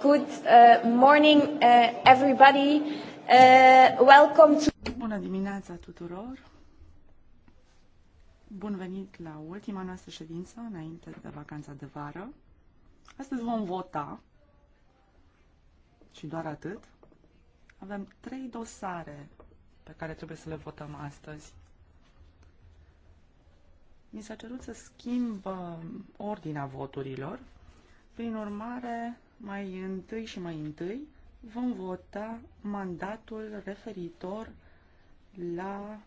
Good uh, morning, uh, everybody. Uh, welcome to... Bună dimineața tuturor. Bun venit la ultima noastră ședință înainte de vacanța de vară. Astăzi vom vota și doar atât. Avem trei dosare pe care trebuie să le votăm astăzi. Mi s-a cerut să schimb ordinea voturilor. Prin urmare, mai întâi și mai întâi vom vota mandatul referitor la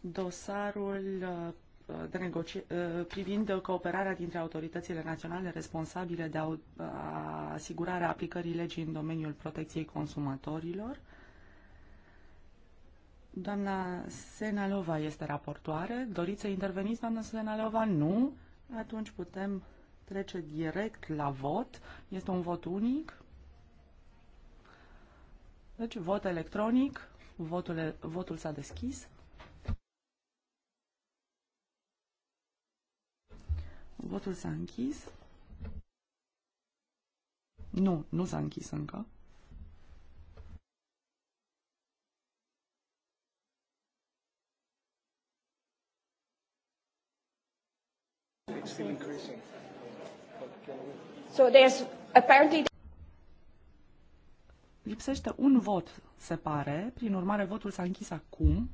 dosarul uh, de negoci- uh, privind cooperarea dintre autoritățile naționale responsabile de uh, asigurarea aplicării legii în domeniul protecției consumatorilor. Doamna Senalova este raportoare. Doriți să interveniți, doamna Senalova? Nu? Atunci putem trece direct la vot. Este un vot unic. Deci, vot electronic. Votul, votul s-a deschis. Votul s-a închis. Nu, nu s-a închis încă. It's still increasing. So there's apparently... Lipsește un vot, se pare. Prin urmare, votul s-a închis acum.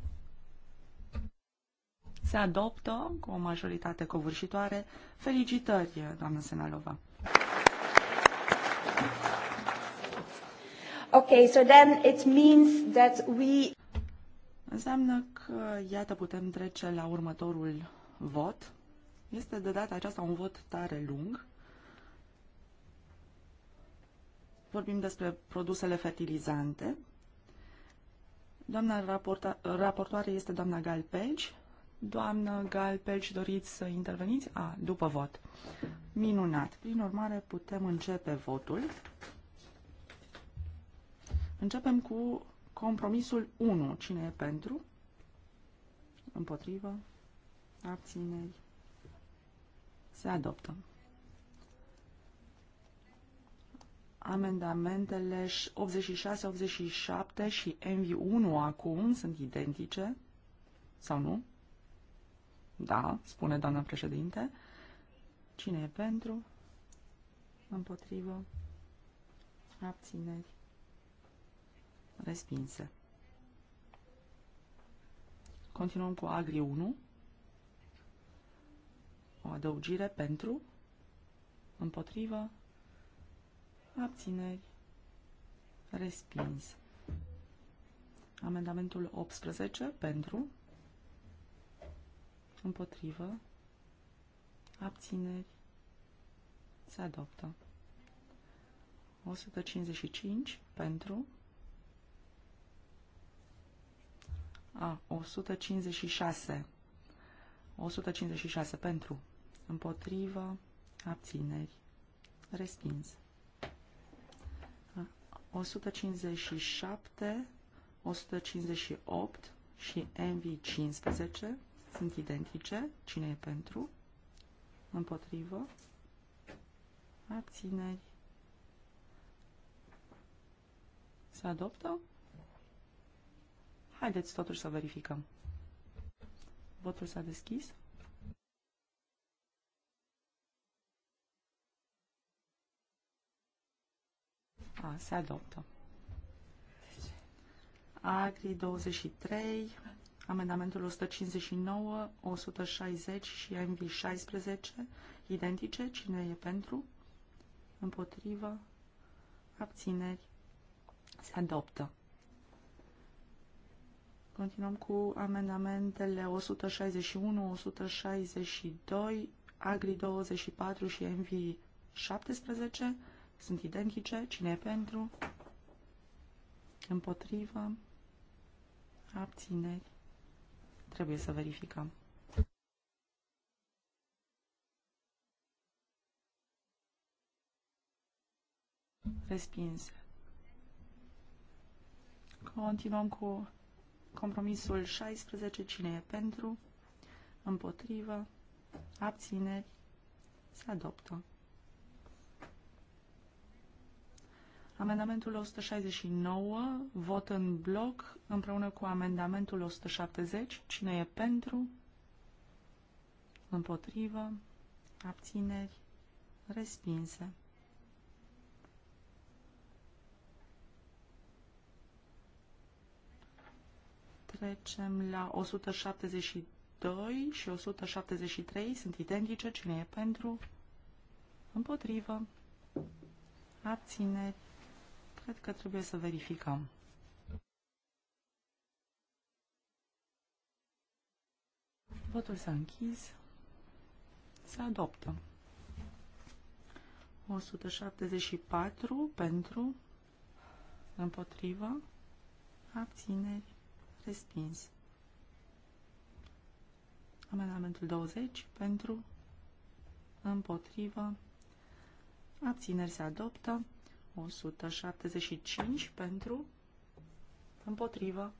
Se adoptă cu o majoritate covârșitoare. Felicitări, doamnă Senalova. Okay, so then it means that we... Înseamnă că, iată, putem trece la următorul vot. Este de data aceasta un vot tare lung. vorbim despre produsele fertilizante. Doamna raporta, raportoare este doamna Galpeci. Doamna Galpeci, doriți să interveniți? A, după vot. Minunat. Prin urmare, putem începe votul. Începem cu compromisul 1. Cine e pentru? Împotrivă? Abțineri? Se adoptă. Amendamentele 86, 87 și MV1 acum sunt identice, sau nu? Da, spune doamna președinte. Cine e pentru? Împotrivă? Abțineri? Respinse. Continuăm cu Agri 1. O adăugire pentru? Împotrivă? Abțineri. Respins. Amendamentul 18 pentru. Împotrivă. Abțineri. Se adoptă. 155 pentru. A, 156. 156 pentru. Împotrivă. Abțineri. Respins. 157, 158 și MV15 sunt identice. Cine e pentru? Împotrivă? Abțineri? Se adoptă? Haideți totuși să verificăm. Votul s-a deschis. A, se adoptă. Agri 23, amendamentul 159, 160 și MV 16, identice. Cine e pentru? Împotrivă? Abțineri? Se adoptă. Continuăm cu amendamentele 161, 162, Agri 24 și MV 17 sunt identice. Cine e pentru? Împotrivă? Abțineri? Trebuie să verificăm. Respinse. Continuăm cu compromisul 16. Cine e pentru? Împotrivă? Abțineri? Se adoptă. Amendamentul 169, vot în bloc, împreună cu amendamentul 170. Cine e pentru? Împotrivă? Abțineri? Respinse. Trecem la 172 și 173. Sunt identice. Cine e pentru? Împotrivă? Abțineri? cred că trebuie să verificăm. Votul s-a închis. Se adoptă. 174 pentru, împotriva, abțineri, respins. Amendamentul 20 pentru, împotriva, abțineri se adoptă. 175 pentru, împotrivă,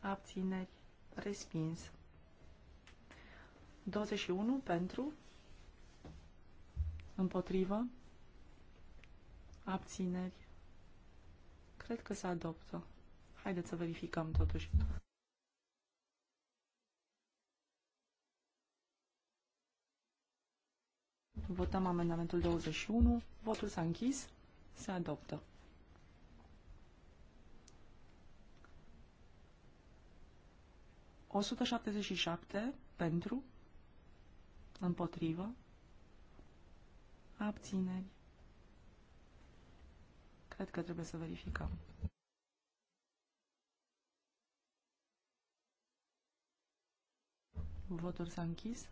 abțineri, respins. 21 pentru, împotrivă, abțineri. Cred că se adoptă. Haideți să verificăm totuși. Votăm amendamentul 21. Votul s-a închis. Se adoptă. O 177 pentru, împotrivă, abțineri. Cred că trebuie să verificăm. Votul s-a închis.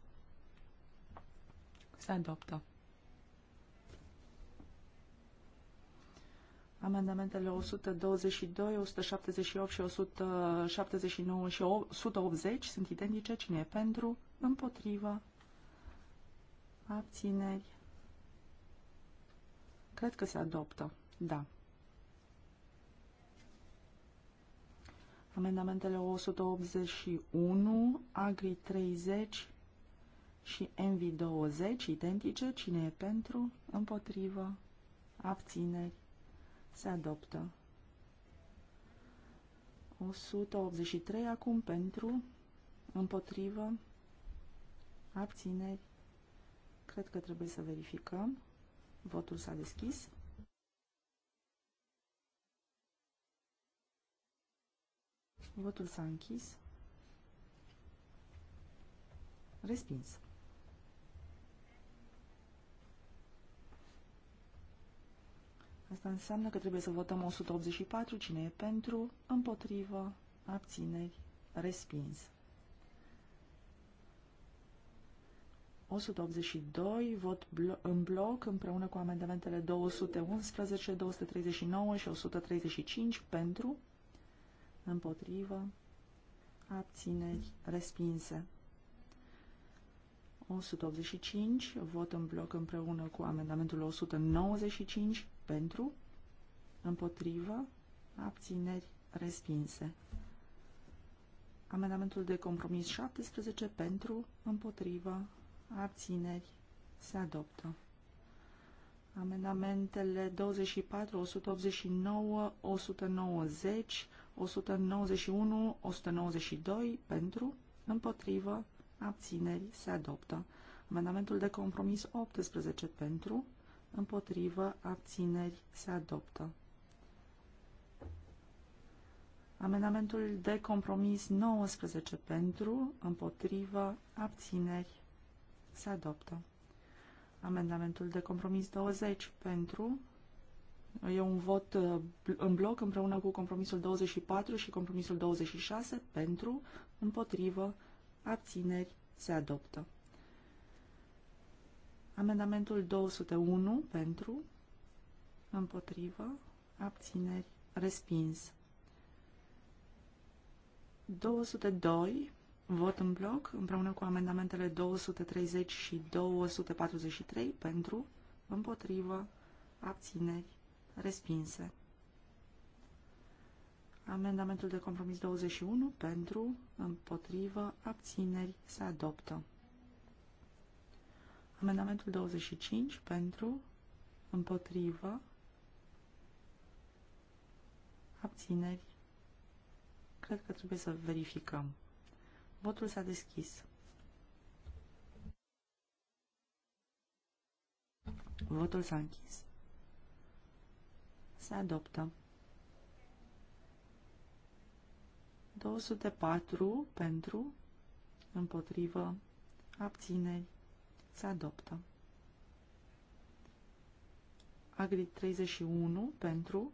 Se adoptă. Amendamentele 122, 178 și 179 și 180 sunt identice. Cine e pentru? Împotrivă? Abțineri? Cred că se adoptă. Da. Amendamentele 181, Agri 30 și Envi 20, identice. Cine e pentru? Împotrivă? Abțineri? Se adoptă. 183 acum pentru, împotrivă, abțineri. Cred că trebuie să verificăm. Votul s-a deschis. Votul s-a închis. Respins. Asta înseamnă că trebuie să votăm 184, cine e pentru, împotrivă, abțineri, respins. 182, vot blo în bloc, împreună cu amendamentele 211, 239 și 135, pentru, împotrivă, abțineri, respinse. 185, vot în bloc împreună cu amendamentul 195 pentru, împotrivă, abțineri respinse. Amendamentul de compromis 17 pentru, împotrivă, abțineri se adoptă. Amendamentele 24, 189, 190, 191, 192 pentru, împotrivă, abțineri, se adoptă. Amendamentul de compromis 18 pentru, împotrivă, abțineri, se adoptă. Amendamentul de compromis 19 pentru, împotrivă, abțineri, se adoptă. Amendamentul de compromis 20 pentru, e un vot uh, în bloc împreună cu compromisul 24 și compromisul 26 pentru, împotrivă, abțineri abțineri, se adoptă. Amendamentul 201 pentru, împotrivă, abțineri, respins. 202, vot în bloc, împreună cu amendamentele 230 și 243 pentru, împotrivă, abțineri, respinse. Amendamentul de compromis 21 pentru, împotrivă, abțineri se adoptă. Amendamentul 25 pentru, împotrivă, abțineri. Cred că trebuie să verificăm. Votul s-a deschis. Votul s-a închis. Se adoptă. 204 pentru, împotrivă, abțineri, se adoptă. Agri 31 pentru,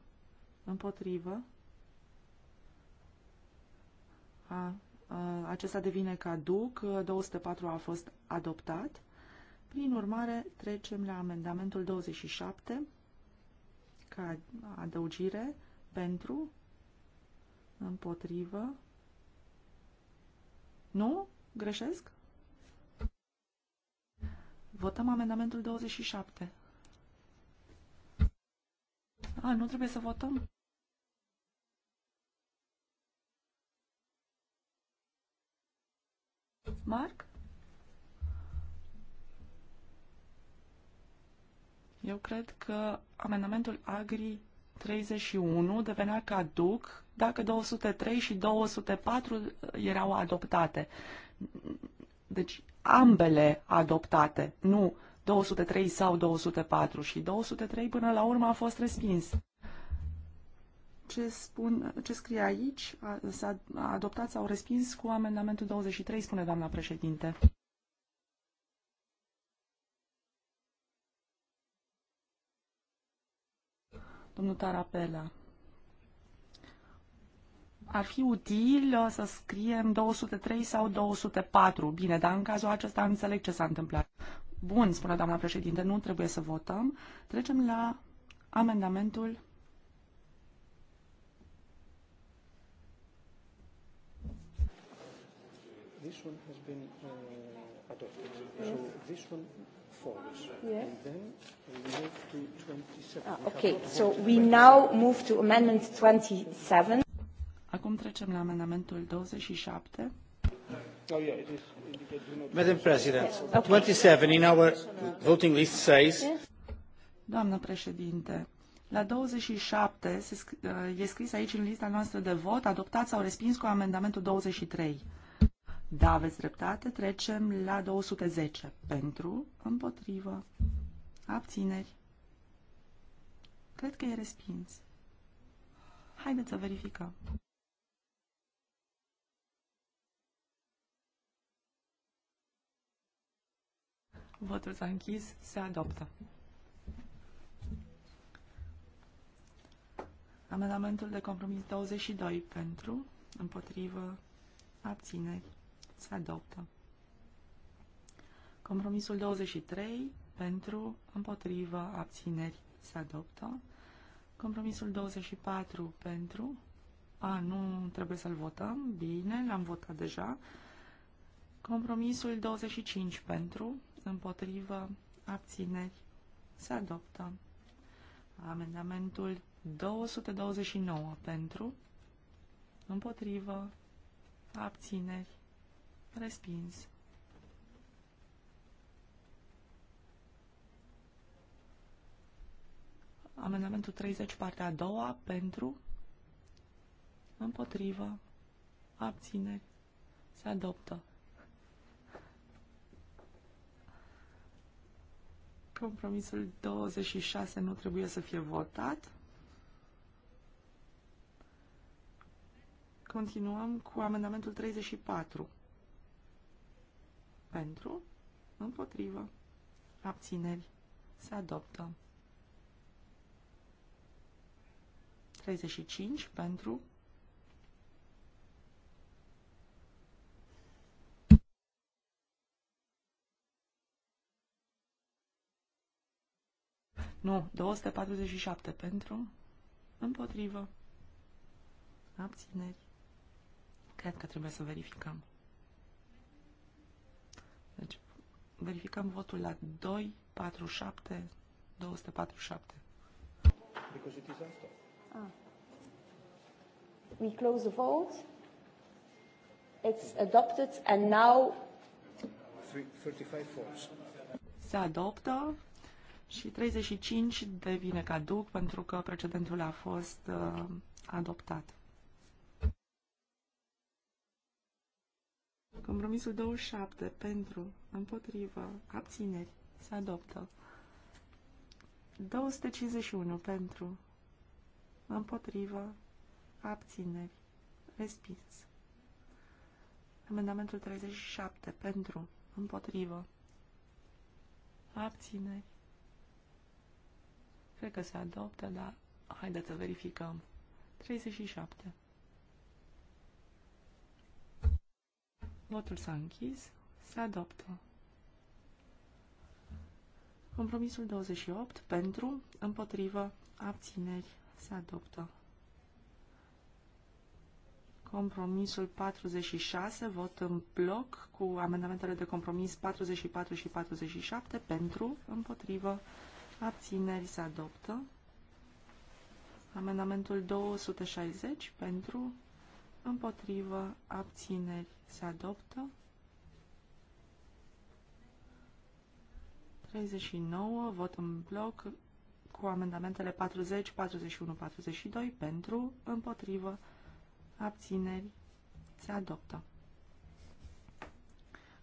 împotrivă, a, a, acesta devine caduc, 204 a fost adoptat. Prin urmare, trecem la amendamentul 27, ca adăugire, pentru, împotrivă. Nu? Greșesc? Votăm amendamentul 27. A, nu trebuie să votăm? Marc? Eu cred că amendamentul Agri 31 devenea caduc dacă 203 și 204 erau adoptate. Deci ambele adoptate, nu 203 sau 204 și 203 până la urmă a fost respins. Ce, spun, ce scrie aici, s-a adoptat sau respins cu amendamentul 23, spune doamna președinte. Domnul Tarapela ar fi util uh, să scriem 203 sau 204. Bine, dar în cazul acesta înțeleg ce s-a întâmplat. Bun, spune doamna președinte, nu trebuie să votăm. Trecem la amendamentul this one has been uh, adopted. Yes. So this one Yes. And then we move to 27. Ah, okay, so we now move to Amendment 27. Acum trecem la amendamentul 27. Madam President, 27 in our voting list says... Doamnă președinte, la 27 se sc- uh, e scris aici în lista noastră de vot, adoptat sau respins cu amendamentul 23. Da, aveți dreptate, trecem la 210. Pentru, împotrivă, abțineri. Cred că e respins. Haideți să verificăm. Votul s-a închis. Se adoptă. Amendamentul de compromis 22 pentru, împotrivă, abțineri, se adoptă. Compromisul 23 pentru, împotrivă, abțineri, se adoptă. Compromisul 24 pentru, a, nu trebuie să-l votăm, bine, l-am votat deja. Compromisul 25 pentru, împotrivă, abțineri, se adoptă. Amendamentul 229 pentru, împotrivă, abțineri, respins. Amendamentul 30, partea a doua, pentru, împotrivă, abțineri, se adoptă. Compromisul 26 nu trebuie să fie votat. Continuăm cu amendamentul 34. Pentru, împotrivă, abțineri, se adoptă. 35 pentru, Nu, 247 pentru, împotrivă, abțineri. Cred că trebuie să verificăm. Deci, verificăm votul la 247, 247. Because it is after. Ah. We close the vote. It's adopted and now... 35 votes. Se adoptă și 35 devine caduc pentru că precedentul a fost uh, adoptat. Compromisul 27 pentru, împotrivă, abțineri, se adoptă. 251 pentru, împotrivă, abțineri, respins. Amendamentul 37 pentru, împotrivă, abțineri, Cred că se adoptă, dar haideți să verificăm. 37. Votul s-a închis. Se adoptă. Compromisul 28 pentru, împotrivă, abțineri se adoptă. Compromisul 46, vot în bloc cu amendamentele de compromis 44 și 47 pentru, împotrivă, Abțineri se adoptă. Amendamentul 260 pentru, împotrivă, abțineri se adoptă. 39, vot în bloc cu amendamentele 40, 41, 42 pentru, împotrivă, abțineri se adoptă.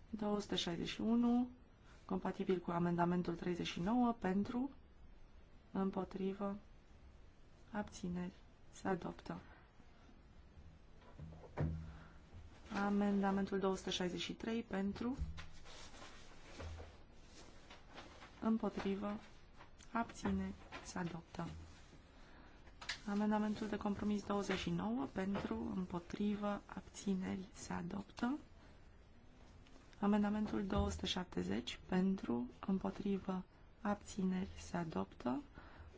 261 compatibil cu amendamentul 39, pentru, împotrivă, abțineri, se adoptă. Amendamentul 263, pentru, împotrivă, abțineri, se adoptă. Amendamentul de compromis 29 pentru, împotrivă, abțineri se adoptă. Amendamentul 270 pentru, împotrivă, abțineri se adoptă.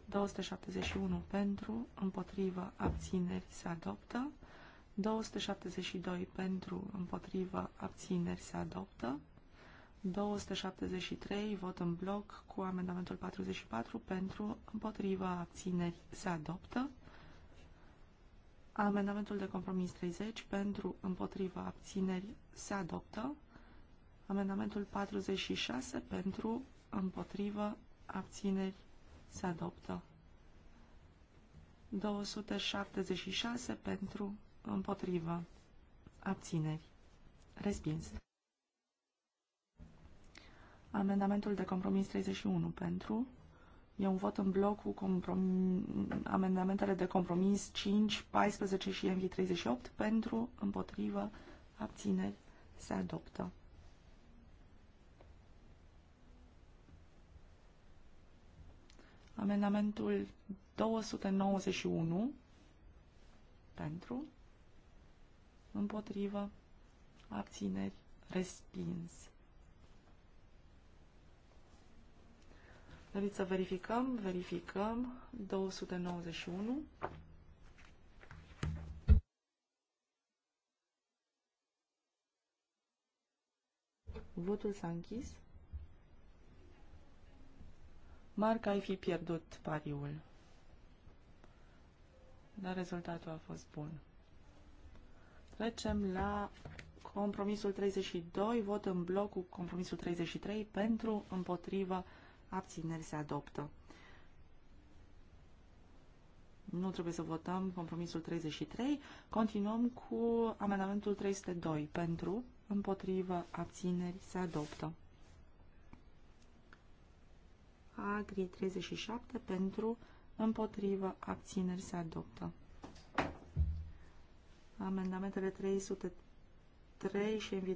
271 pentru, împotrivă, abțineri se adoptă. 272 pentru, împotrivă, abțineri se adoptă. 273, vot în bloc cu amendamentul 44 pentru, împotrivă, abțineri se adoptă. Amendamentul de compromis 30 pentru, împotrivă, abțineri se adoptă. Amendamentul 46 pentru, împotrivă, abțineri, se adoptă. 276 pentru, împotrivă, abțineri, respins. Amendamentul de compromis 31 pentru, e un vot în bloc cu amendamentele de compromis 5, 14 și MV38 pentru, împotrivă, abțineri, se adoptă. Amendamentul 291 pentru, împotrivă, abțineri, respins. Doriți să verificăm? Verificăm. 291. Votul s-a închis. Marca ai fi pierdut pariul. Dar rezultatul a fost bun. Trecem la compromisul 32, vot în bloc cu compromisul 33 pentru, împotrivă, abțineri se adoptă. Nu trebuie să votăm compromisul 33. Continuăm cu amendamentul 302 pentru, împotrivă, abțineri se adoptă. Agri 37 pentru, împotrivă, abțineri se adoptă. Amendamentele 303 și MV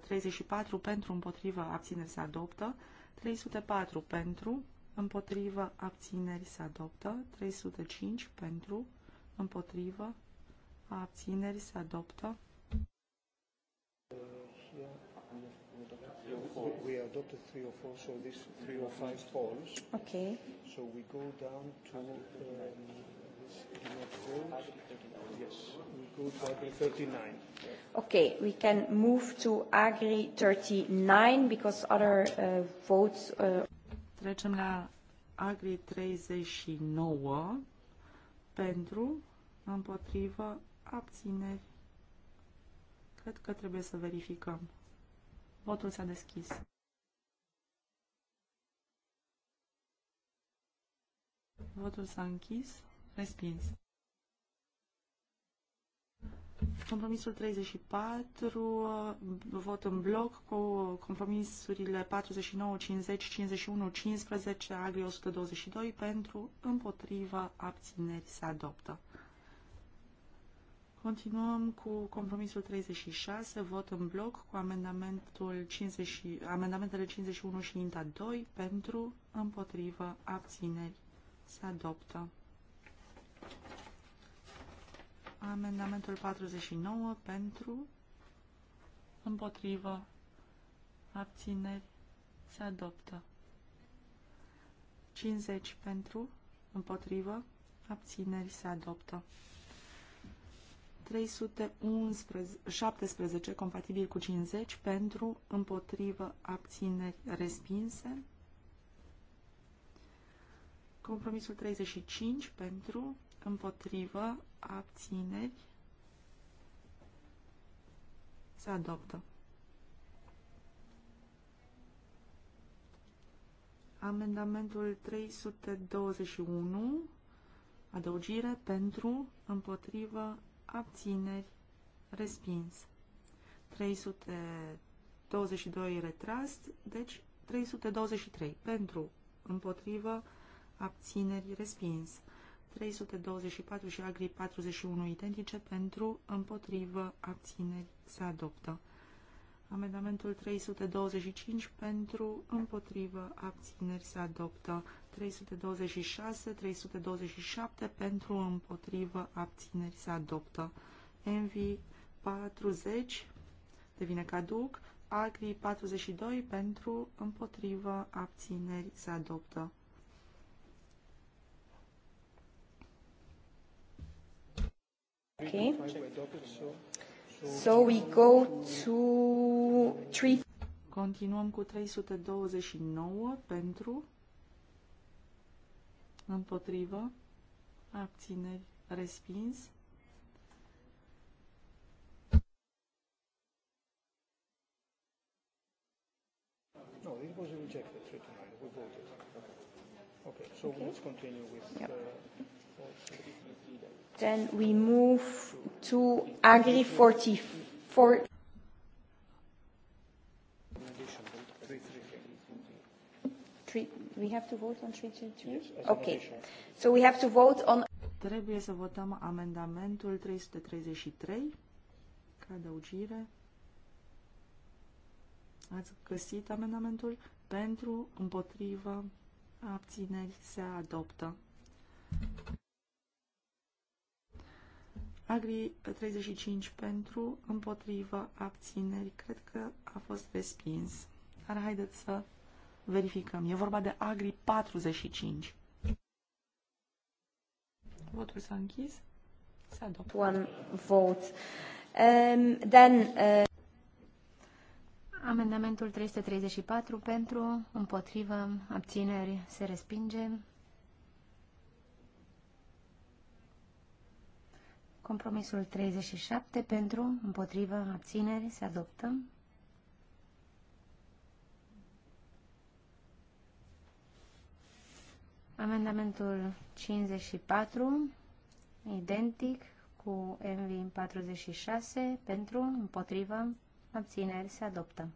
34 ă, pentru, împotrivă, abțineri se adoptă. 304 pentru, împotrivă, abțineri se adoptă. 305 pentru, împotrivă, abțineri se adoptă. Yeah we adopted three or four, so this five poles. Okay. So we go down to um, this not Yes, we go to Agri 39. Okay, we can move to Agri 39 because other uh, votes. Uh... la Agri 39 pentru, împotrivă, abțineri. Cred că trebuie să verificăm. Votul s-a deschis. Votul s-a închis. Respins. Compromisul 34, uh, vot în bloc cu compromisurile 49, 50, 51, 15, agri 122 pentru, împotriva, abțineri se adoptă. Continuăm cu compromisul 36, vot în bloc cu amendamentul 50, amendamentele 51 și INTA 2 pentru, împotriva, abțineri se adoptă. Amendamentul 49 pentru, împotrivă, abțineri, se adoptă. 50 pentru, împotrivă, abțineri, se adoptă. 317 compatibil cu 50 pentru, împotrivă, abțineri, respinse. Compromisul 35 pentru, împotrivă, abțineri, se adoptă. Amendamentul 321, adăugire pentru, împotrivă, abțineri, respins. 322 retras, deci 323 pentru, împotrivă, abțineri abțineri, respins. 324 și agri 41 identice pentru, împotrivă, abțineri, se adoptă. Amendamentul 325 pentru, împotrivă, abțineri, se adoptă. 326, 327 pentru, împotrivă, abțineri, se adoptă. Envi 40 devine caduc. Agri 42 pentru, împotrivă, abțineri, se adoptă. Okay. So we go to three. Continuăm cu 329 pentru, împotrivă, abțineri, respins. No, it was rejected, 329, we voted. Okay, so let's continue with... Uh, Then we move to Agri 44. we have to vote on 333? Yes, okay. So we have to vote on... Trebuie să votăm amendamentul 333 ca adăugire. Ați găsit amendamentul pentru, împotrivă, abțineri se adoptă. Agri 35 pentru, împotrivă, abțineri. Cred că a fost respins. Dar haideți să verificăm. E vorba de Agri 45. Votul s-a închis. S-a adoptat. One vote. Um, then, uh... Amendamentul 334 pentru, împotrivă, abțineri, se respinge. Compromisul 37 pentru, împotrivă, abțineri se adoptă. Amendamentul 54, identic cu MV 46, pentru, împotrivă, abțineri se adoptă.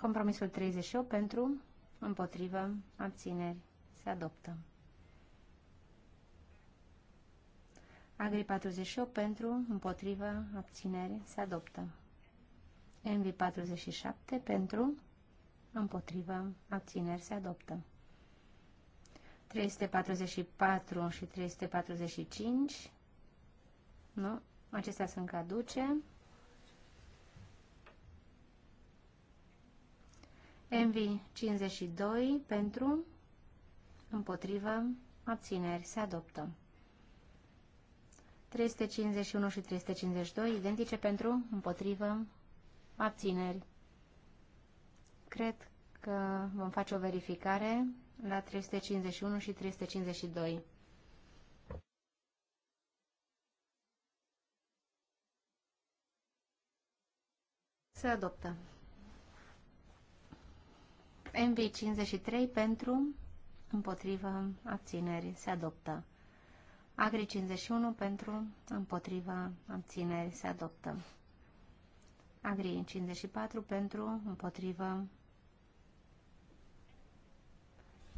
Compromisul 38 pentru, împotrivă, abțineri se adoptă. Agri 48 pentru, împotrivă, abținere, se adoptă. MV 47 pentru, împotrivă, abțineri, se adoptă. 344 și 345, nu, acestea sunt caduce. MV 52 pentru, împotrivă, abțineri, se adoptă. 351 și 352, identice pentru, împotrivă, abțineri. Cred că vom face o verificare la 351 și 352. Se adoptă. MV53 pentru, împotrivă, abțineri. Se adoptă. Agri 51 pentru, împotriva, abțineri, se adoptă. Agri 54 pentru, împotrivă.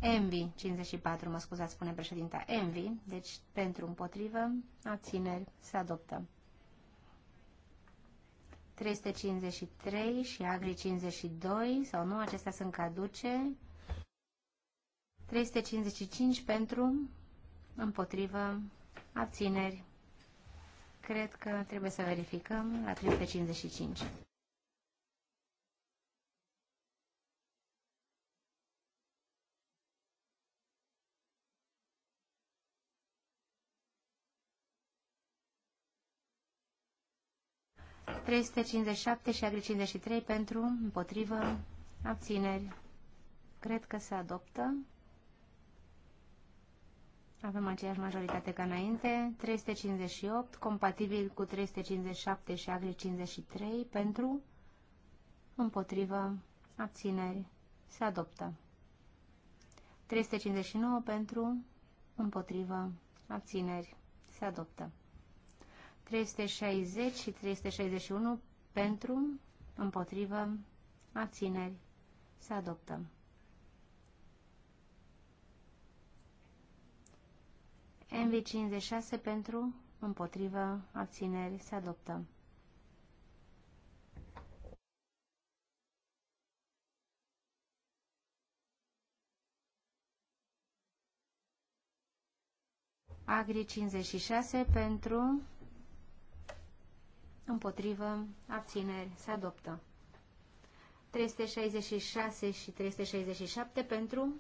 Envi 54, mă scuzați, spune președinta. Envi, deci pentru, împotrivă, abțineri, se adoptă. 353 și Agri 52, sau nu, acestea sunt caduce. 355 pentru, împotrivă, abțineri. Cred că trebuie să verificăm la 355. ...357 și agri 53 pentru, împotrivă, abțineri. Cred că se adoptă. Avem aceeași majoritate ca înainte. 358, compatibil cu 357 și agri 53, pentru, împotrivă, abțineri, se adoptă. 359 pentru, împotrivă, abțineri, se adoptă. 360 și 361 pentru, împotrivă, abțineri, se adoptă. MV56 pentru, împotrivă, abțineri, se adoptă. Agri 56 pentru, împotrivă, abțineri, se adoptă. 366 și 367 pentru,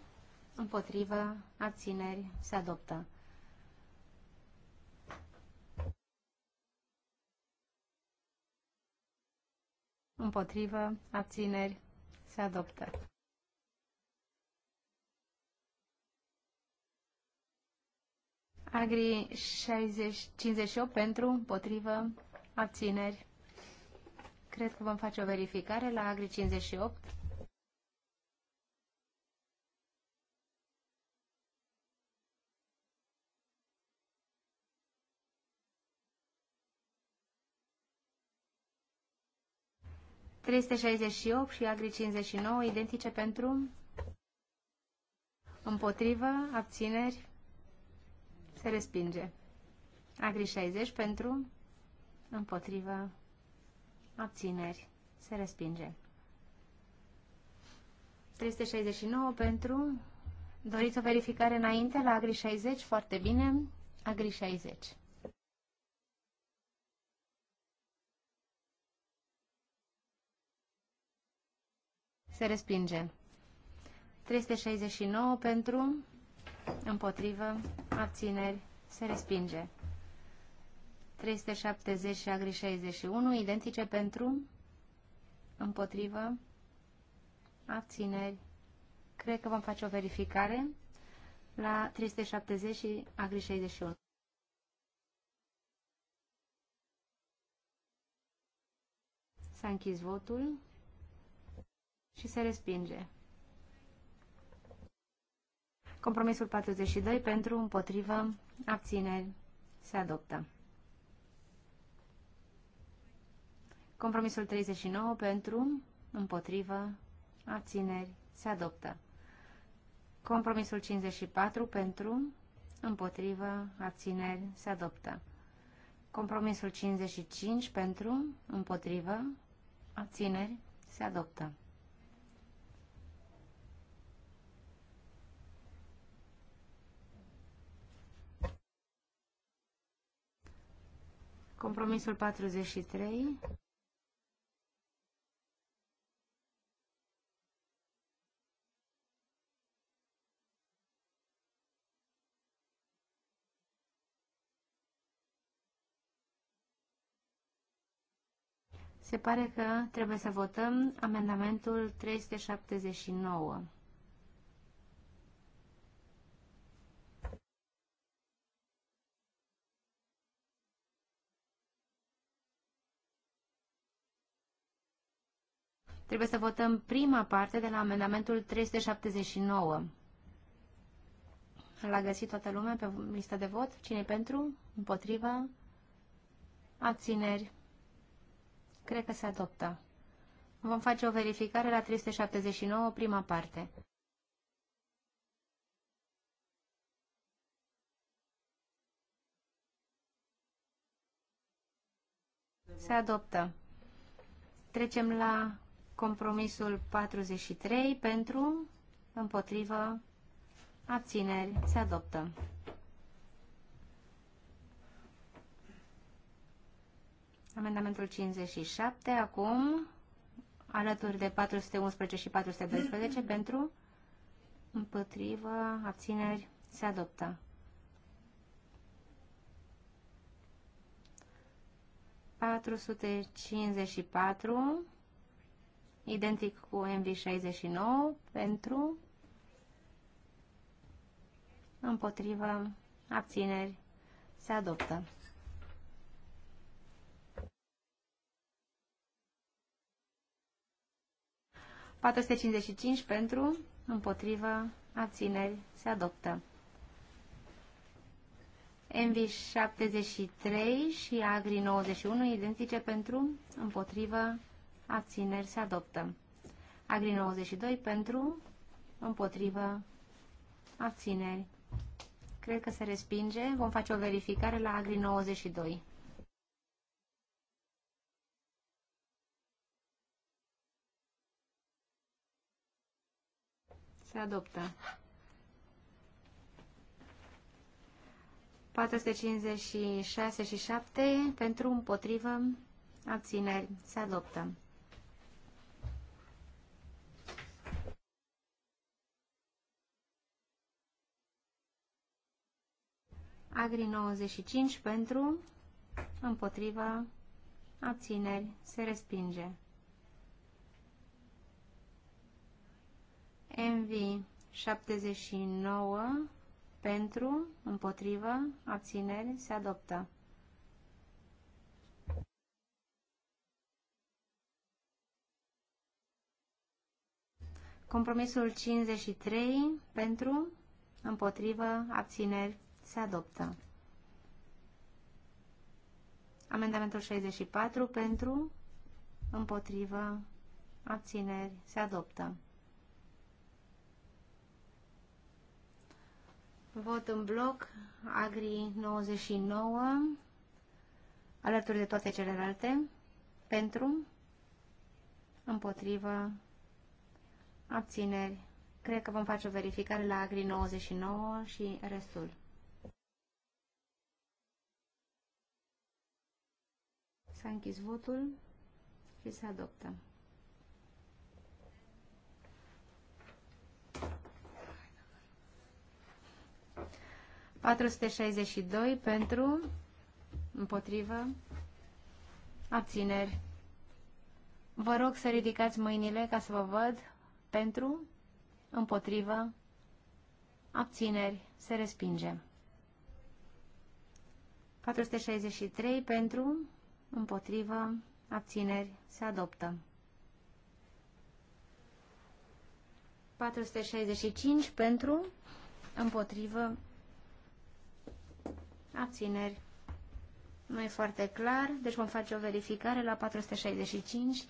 împotrivă, abțineri, se adoptă. împotrivă, abțineri, se adoptă. Agri 60, 58 pentru, împotrivă, abțineri. Cred că vom face o verificare la Agri 58. 368 și Agri 59, identice pentru, împotrivă, abțineri, se respinge. Agri 60 pentru, împotrivă, abțineri, se respinge. 369 pentru, doriți o verificare înainte la Agri 60? Foarte bine, Agri 60. Se respinge. 369 pentru, împotrivă, abțineri, se respinge. 370 și agri 61, identice pentru, împotrivă, abțineri. Cred că vom face o verificare la 370 și agri 61. S-a închis votul și se respinge. Compromisul 42 pentru, împotrivă, abțineri, se adoptă. Compromisul 39 pentru, împotrivă, abțineri, se adoptă. Compromisul 54 pentru, împotrivă, abțineri, se adoptă. Compromisul 55 pentru, împotrivă, abțineri, se adoptă. Compromisul 43. Se pare că trebuie să votăm amendamentul 379. Trebuie să votăm prima parte de la amendamentul 379. L-a găsit toată lumea pe lista de vot? cine pentru? Împotriva? Abțineri? Cred că se adoptă. Vom face o verificare la 379, prima parte. Se adoptă. Trecem la Compromisul 43 pentru, împotrivă, abțineri, se adoptă. Amendamentul 57, acum, alături de 411 și 412 pentru, împotrivă, abțineri, se adoptă. patru sute cincizeci și patru Identic cu MV69 pentru împotriva abțineri se adoptă. ...455 pentru, împotrivă, abțineri, se adoptă. MV73 și Agri 91 identice pentru, împotrivă, abțineri se adoptă. Agri 92 pentru, împotrivă, abțineri. Cred că se respinge. Vom face o verificare la Agri 92. Se adoptă. 456 și 7 pentru împotrivă abțineri. Se adoptă. Agri 95 pentru, împotriva, abțineri, se respinge. MV 79 pentru, împotriva abțineri, se adoptă. Compromisul 53 pentru, împotrivă, abțineri, se adoptă. Amendamentul 64 pentru, împotrivă, abțineri, se adoptă. Vot în bloc, Agri 99, alături de toate celelalte, pentru, împotrivă, abțineri. Cred că vom face o verificare la Agri 99 și restul. S-a închis votul și se adoptă. doi pentru, împotrivă, abțineri. Vă rog să ridicați mâinile ca să vă văd. Pentru, împotrivă, abțineri, se respinge. 463 pentru, împotrivă, abțineri, se adoptă. 465 pentru, împotrivă, abțineri. Nu e foarte clar, deci vom face o verificare la 465.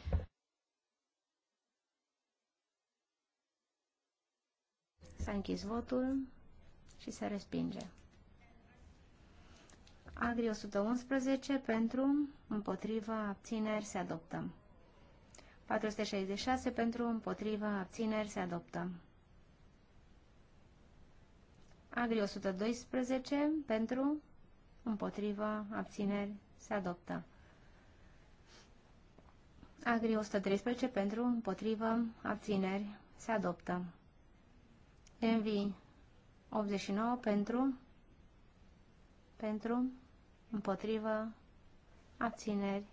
S-a închis votul și se respinge. Agri 111 pentru, împotriva, abțineri se adoptă. 466 pentru, împotriva, abțineri se adoptă. Agri 112 pentru, împotriva, abțineri se adoptă. Agri 113 pentru, împotriva abțineri, se adoptă. MV 89 pentru, pentru, împotrivă, abțineri,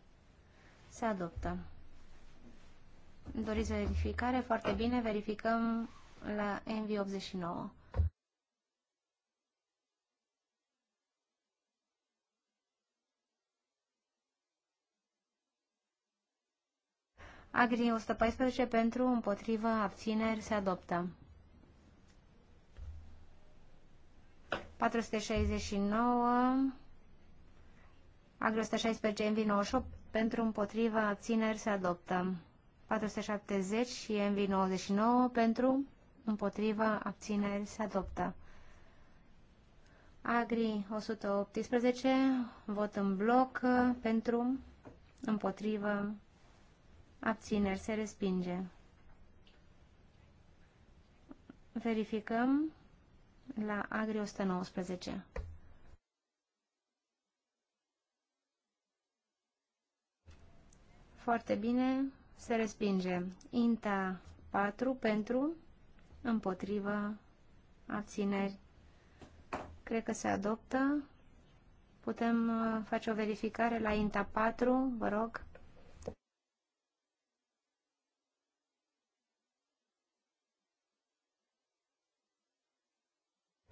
se adoptă. Doriți verificare? Foarte bine, verificăm la NV89. Agri 114 pentru, împotrivă, abțineri, se adoptă. 469 Agri 116, MV 98, pentru împotriva abțineri se adoptă. 470 și MV 99, pentru împotriva abțineri se adoptă. Agri 118, vot în bloc, pentru împotriva abțineri se respinge. Verificăm la Agri 119. Foarte bine. Se respinge. Inta 4 pentru, împotrivă, abțineri. Cred că se adoptă. Putem uh, face o verificare la INTA 4, vă rog.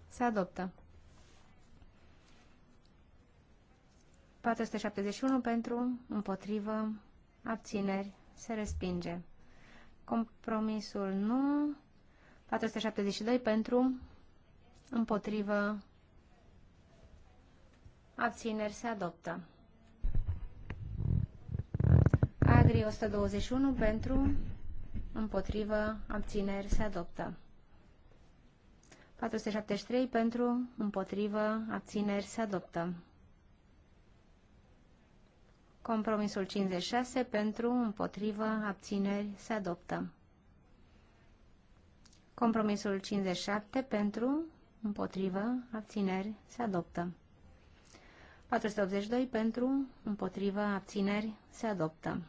Se adoptă. 471 pentru, împotrivă, abțineri, se respinge. Compromisul nu, 472 pentru, împotrivă, abțineri, se adoptă. Agri 121 pentru, împotrivă, abțineri, se adoptă. 473 pentru, împotrivă, abțineri, se adoptă. Compromisul 56 pentru, împotrivă, abțineri se adoptă. Compromisul 57 pentru, împotrivă, abțineri se adoptă. 482 pentru, împotrivă, abțineri se adoptă.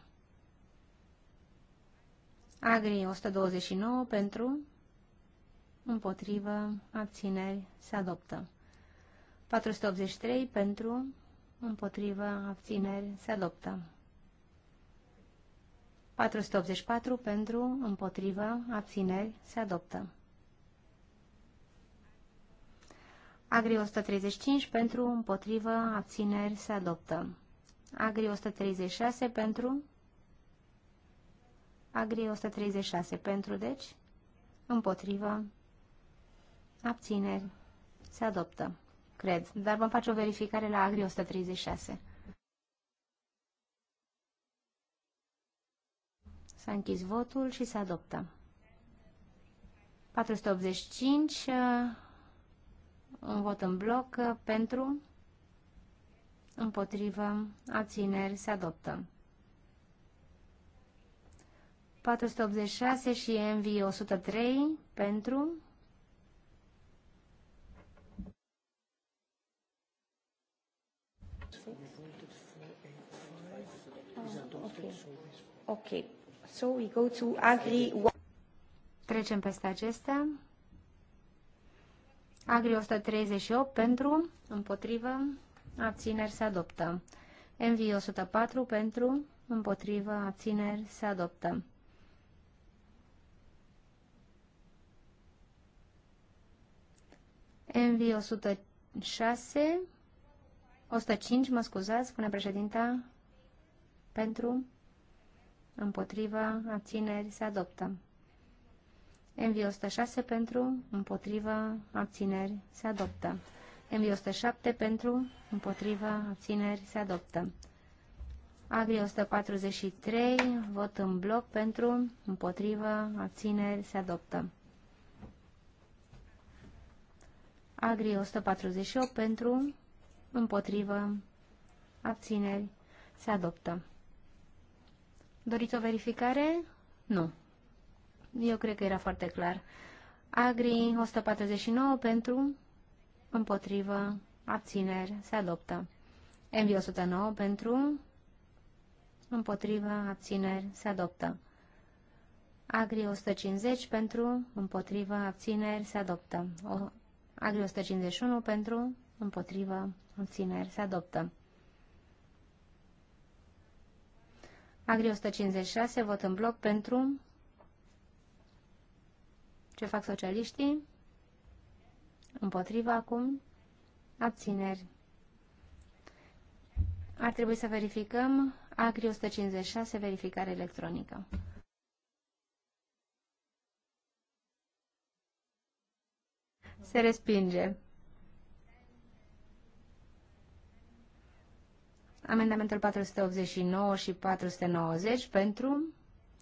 Agri 129 pentru, împotrivă, abțineri se adoptă. 483 pentru, împotrivă, abțineri, se adoptă. 484 pentru, împotrivă, abțineri, se adoptă. Agri 135 pentru, împotrivă, abțineri, se adoptă. Agri 136 pentru, Agri 136 pentru, deci, împotrivă, abțineri, se adoptă cred, dar vom face o verificare la Agri 136. S-a închis votul și se adoptă. 485, uh, un vot în bloc uh, pentru, împotrivă, abțineri, se adoptă. 486 și MV 103 pentru, Ok. So we go to Agri... Trecem peste acestea. Agri 138 pentru, împotrivă, abțineri se adoptă. MV 104 pentru, împotrivă, abțineri se adoptă. MV 106, 105, mă scuzați, spune președinta, pentru, împotriva, abțineri, se adoptă. MV106 pentru, împotriva, abțineri, se adoptă. MV107 pentru, împotriva, abțineri, se adoptă. av 143, vot în bloc pentru, împotrivă, abțineri, se adoptă. Agri 148 pentru, împotrivă, abțineri, se adoptă. Doriți o verificare? Nu. Eu cred că era foarte clar. Agri 149 pentru, împotrivă, abțineri, se adoptă. MV 109 pentru, împotrivă, abțineri, se adoptă. Agri 150 pentru, împotrivă, abțineri, se adoptă. Agri 151 pentru, împotrivă, abțineri, se adoptă. Agri 156, vot în bloc pentru ce fac socialiștii, împotriva acum, abțineri. Ar trebui să verificăm Agri 156, verificare electronică. Se respinge. Amendamentul 489 și 490 pentru,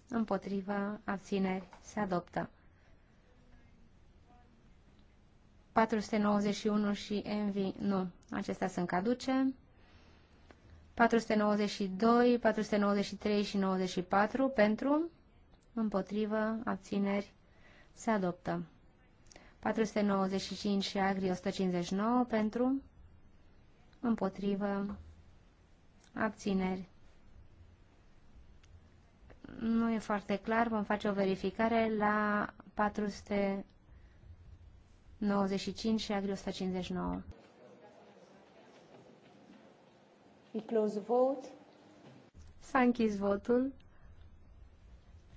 împotriva, abțineri, se adoptă. 491 și Envy, nu, acestea sunt caduce. 492, 493 și 94 pentru, împotrivă, abțineri, se adoptă. 495 și Agri 159 pentru, împotrivă, abțineri. Nu e foarte clar, vom face o verificare la 495 și agri 159. We close vote. S-a închis votul.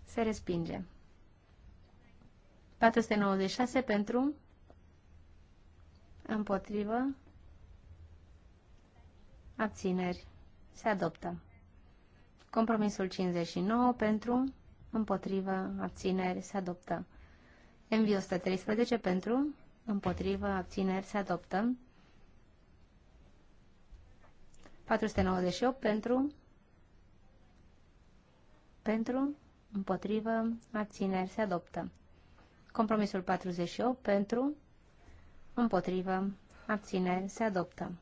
Se respinge. 496 pentru, împotrivă, abțineri. Se adoptă. Compromisul 59 pentru, împotrivă, abțineri, se adoptă. MV 113 pentru, împotrivă, abțineri, se adoptă. 498 pentru, pentru, împotrivă, abțineri, se adoptă. Compromisul 48 pentru, împotrivă, abțineri, se adoptă.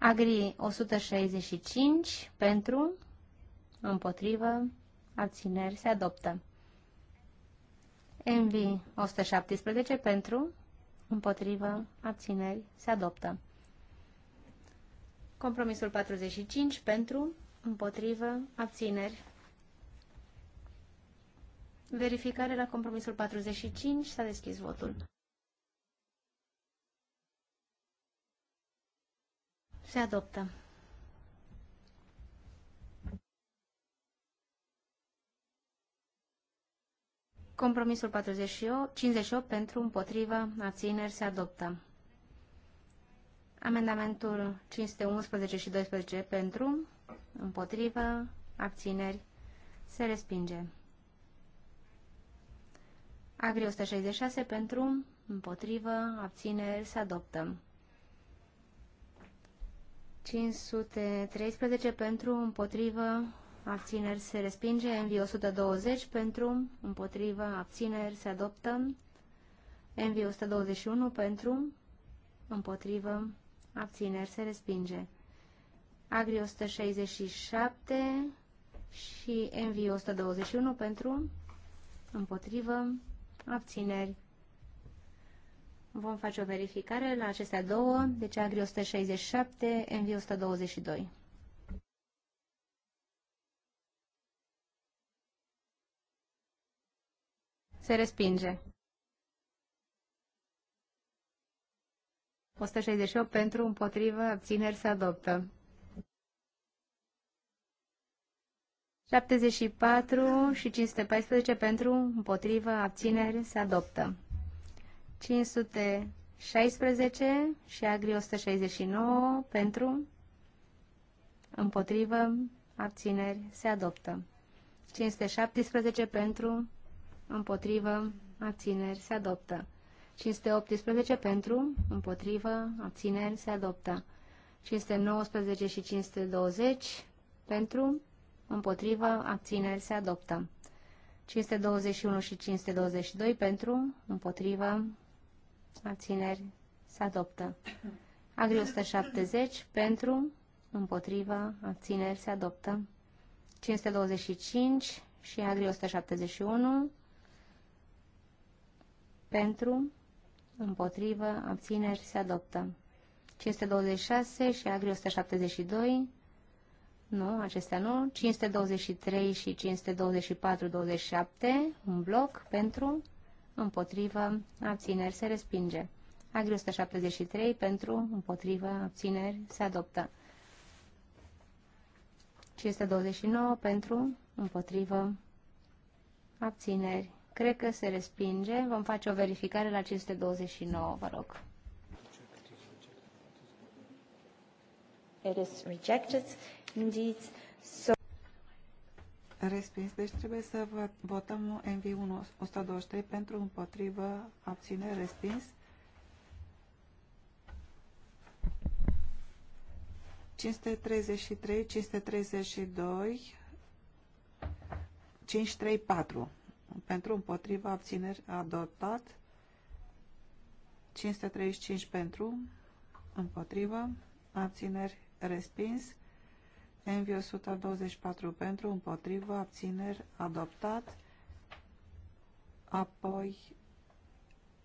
Agri 165 pentru, împotrivă, abțineri se adoptă. MV 117 pentru, împotrivă, abțineri se adoptă. Compromisul 45 pentru, împotrivă, abțineri. Verificare la compromisul 45 s-a deschis votul. Se adoptă. Compromisul 48, 58 pentru împotrivă abțineri se adoptă. Amendamentul 511 și 12 pentru împotrivă abțineri se respinge. Agri 166 pentru împotrivă abțineri se adoptă. 513 pentru, împotrivă, abțineri se respinge, NV 120 pentru, împotrivă, abțineri se adoptă, NV 121 pentru, împotrivă, abțineri se respinge. Agri 167 și NV 121 pentru, împotrivă, abțineri Vom face o verificare la acestea două, deci Agri 167, MV 122. Se respinge. 168 pentru, împotrivă, abțineri se adoptă. 74 și 514 pentru, împotrivă, abțineri se adoptă. 516 și Agri 169 pentru, împotrivă, abțineri, se adoptă. 517 pentru, împotrivă, abțineri, se adoptă. 518 pentru, împotrivă, abțineri, se adoptă. 519 și 520 pentru, împotrivă, abțineri, se adoptă. 521 și 522 pentru, împotrivă, țineri se adoptă. Agri 170 pentru, împotrivă, abțineri, se adoptă. 525 și Agri 171 pentru, împotrivă, abțineri, se adoptă. 526 și Agri 172 nu, acestea nu. 523 și 524-27, un bloc pentru, împotrivă, abțineri, se respinge. Agri 173 pentru, împotrivă, abțineri, se adoptă. 529 pentru, împotrivă, abțineri. Cred că se respinge. Vom face o verificare la 529, vă rog. It is rejected, indeed. So Respins. Deci trebuie să votăm MV1 123 pentru împotrivă abține respins. 533, 532, 534 pentru împotriva abțineri adoptat. 535 pentru împotriva abțineri respins. Envi 124 pentru, împotrivă, abțineri, adoptat. Apoi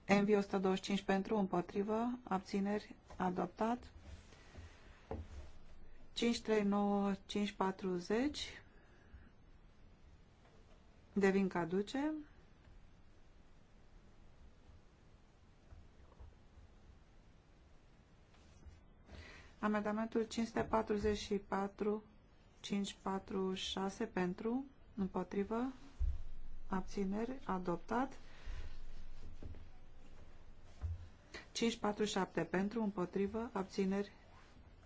Envi 125 pentru, împotrivă, abțineri, adoptat. 539, 540 devin caduce. Amendamentul 544 5, 4, 6 pentru, împotrivă, abțineri, adoptat. 5, 4, 7 pentru, împotrivă, abțineri,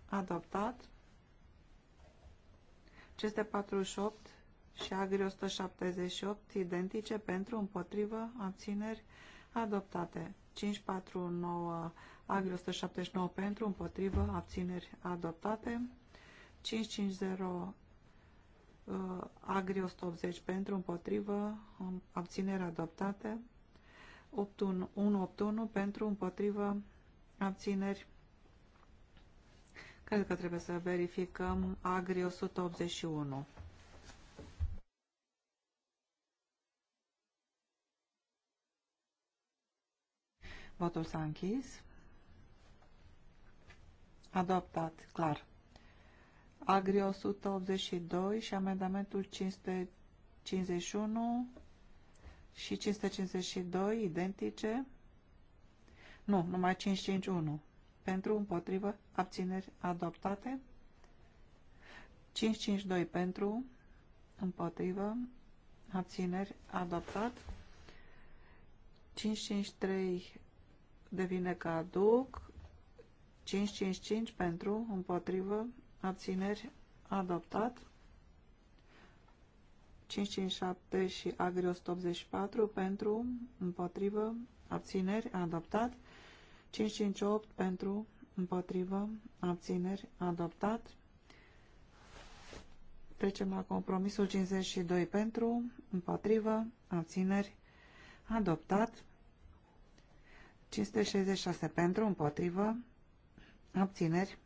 adoptat. 548 și agri 178 identice pentru, împotrivă, abțineri, adoptate. 549 agri 179 pentru, împotrivă, abțineri, adoptate. 550 uh, Agri 180 pentru, împotrivă, abținere adoptate, 181 pentru, împotrivă, abțineri. Cred că trebuie să verificăm Agri 181. Votul s-a închis. Adoptat, clar. Agri 182 și amendamentul 551 și 552 identice. Nu, numai 551. Pentru, împotrivă, abțineri adoptate. 552 pentru, împotrivă, abțineri adoptat. 553 devine caduc. 555 pentru, împotrivă, abțineri, adoptat. 557 și Agri 184 pentru, împotrivă, abțineri, adoptat. 558 pentru, împotrivă, abțineri, adoptat. Trecem la compromisul 52 pentru, împotrivă, abțineri, adoptat. 566 pentru, împotrivă, abțineri,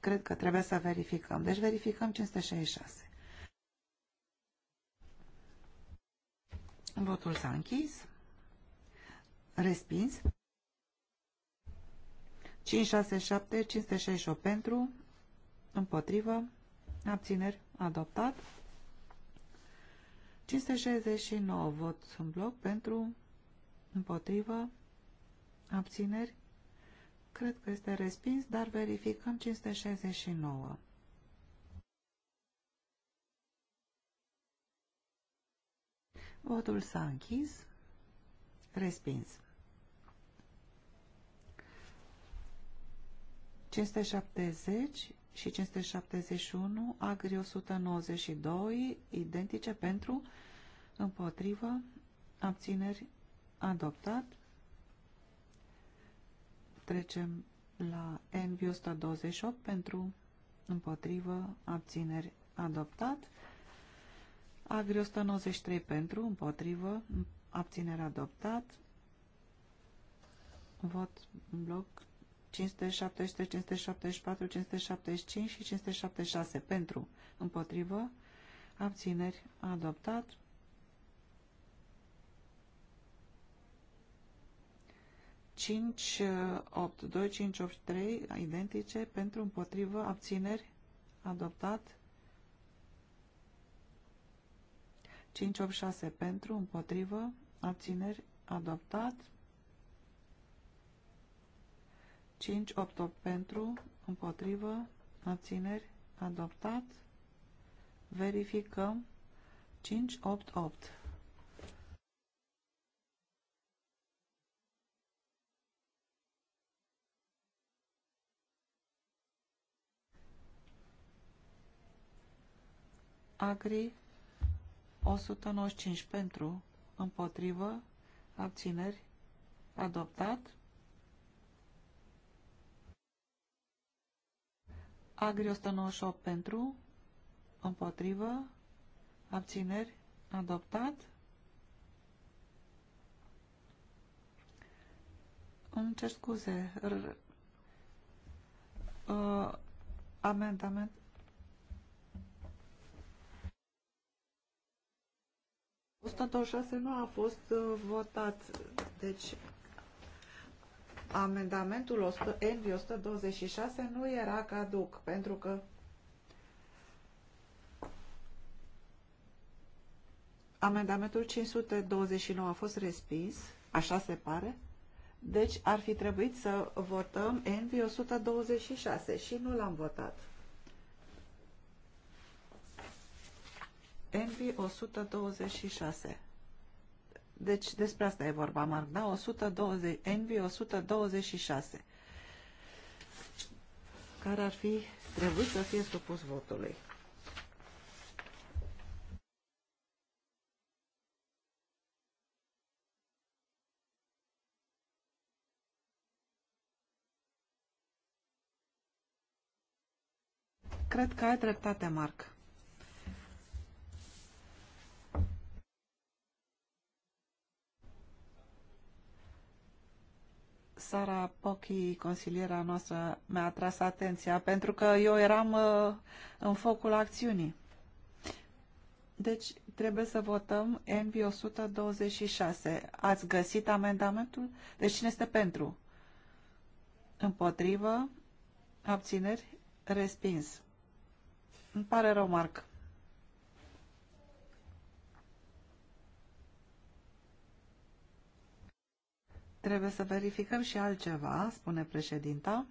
cred că trebuie să verificăm. Deci verificăm 566. Votul s-a închis. Respins. 567, 568 pentru, împotrivă, abțineri, adoptat. 569 vot în bloc pentru, împotrivă, abțineri, Cred că este respins, dar verificăm 569. Votul s-a închis. Respins. 570 și 571, agri 192, identice pentru, împotrivă, abțineri, adoptat. Trecem la NV128 pentru împotrivă, abțineri, adoptat. Agri 193 pentru, împotrivă, abțineri adoptat. Vot în bloc 573, 574, 575 și 576 pentru, împotrivă, abțineri adoptat. 582583 identice pentru împotrivă abțineri adoptat 586 pentru împotrivă abțineri adoptat 588 pentru împotrivă abțineri adoptat verificăm 588 Agri 195 pentru, împotrivă, abțineri, adoptat. Agri 198 pentru, împotrivă, abțineri, adoptat. Îmi cer scuze. R uh, amendament 186 nu a fost uh, votat. Deci amendamentul NV 126 nu era caduc, pentru că amendamentul 529 a fost respins, așa se pare, deci ar fi trebuit să votăm NV 126 și nu l-am votat. Envy 126. Deci despre asta e vorba, Marc, da? 120, Envy 126. Care ar fi trebuit să fie supus votului. Cred că ai dreptate, Marc. Sara Pochi, consiliera noastră, mi-a atras atenția, pentru că eu eram uh, în focul acțiunii. Deci, trebuie să votăm NB 126. Ați găsit amendamentul? Deci, cine este pentru? Împotrivă? Abțineri? Respins. Îmi pare rău, Marc. Trebuie să verificăm și altceva, spune președinta.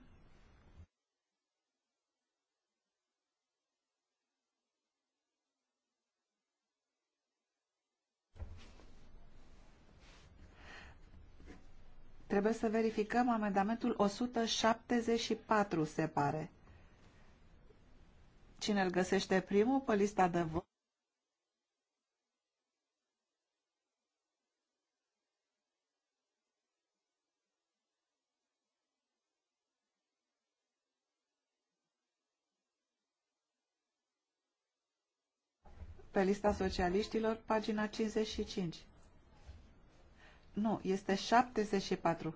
Trebuie să verificăm amendamentul 174, se pare. Cine îl găsește primul pe lista de vot? Pe lista socialiștilor, pagina 55. Nu, este 74.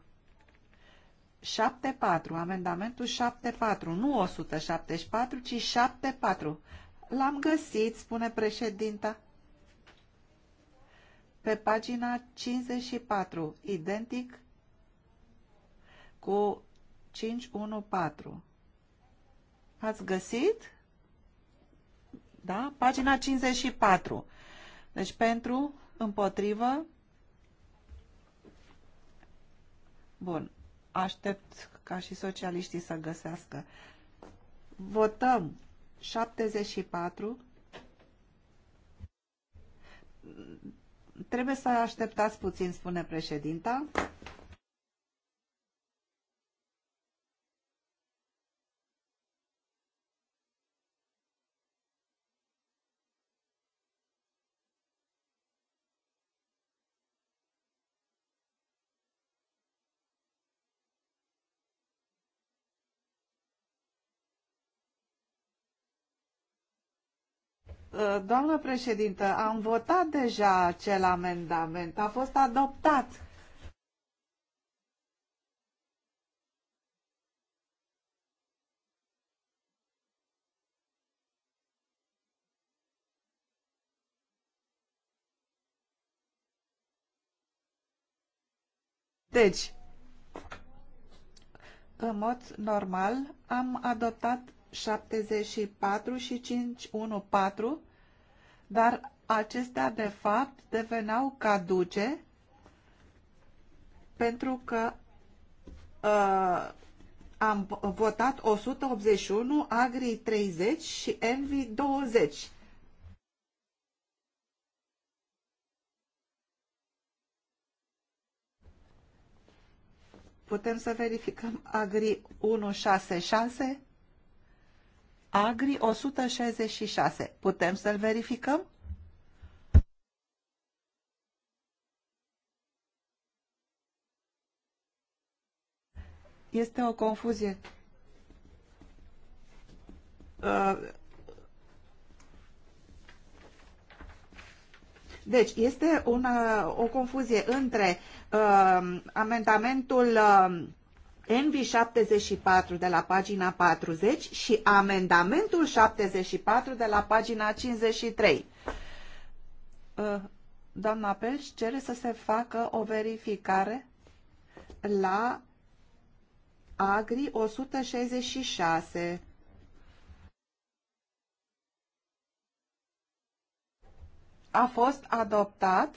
74, amendamentul 74, nu 174, ci 74. L-am găsit, spune președinta. Pe pagina 54, identic cu 514. Ați găsit? Da? Pagina 54. Deci pentru, împotrivă. Bun. Aștept ca și socialiștii să găsească. Votăm 74. Trebuie să așteptați puțin, spune președinta. Uh, doamnă președintă, am votat deja acel amendament. A fost adoptat. Deci, în mod normal, am adoptat 74 și 514, dar acestea de fapt deveneau caduce pentru că uh, am votat 181, Agri 30 și Envi 20. Putem să verificăm Agri 166? Agri 166. Putem să-l verificăm? Este o confuzie. Uh, deci, este una, o confuzie între uh, amendamentul uh, NV74 de la pagina 40 și amendamentul 74 de la pagina 53. Uh, doamna Pelș cere să se facă o verificare la Agri 166. A fost adoptat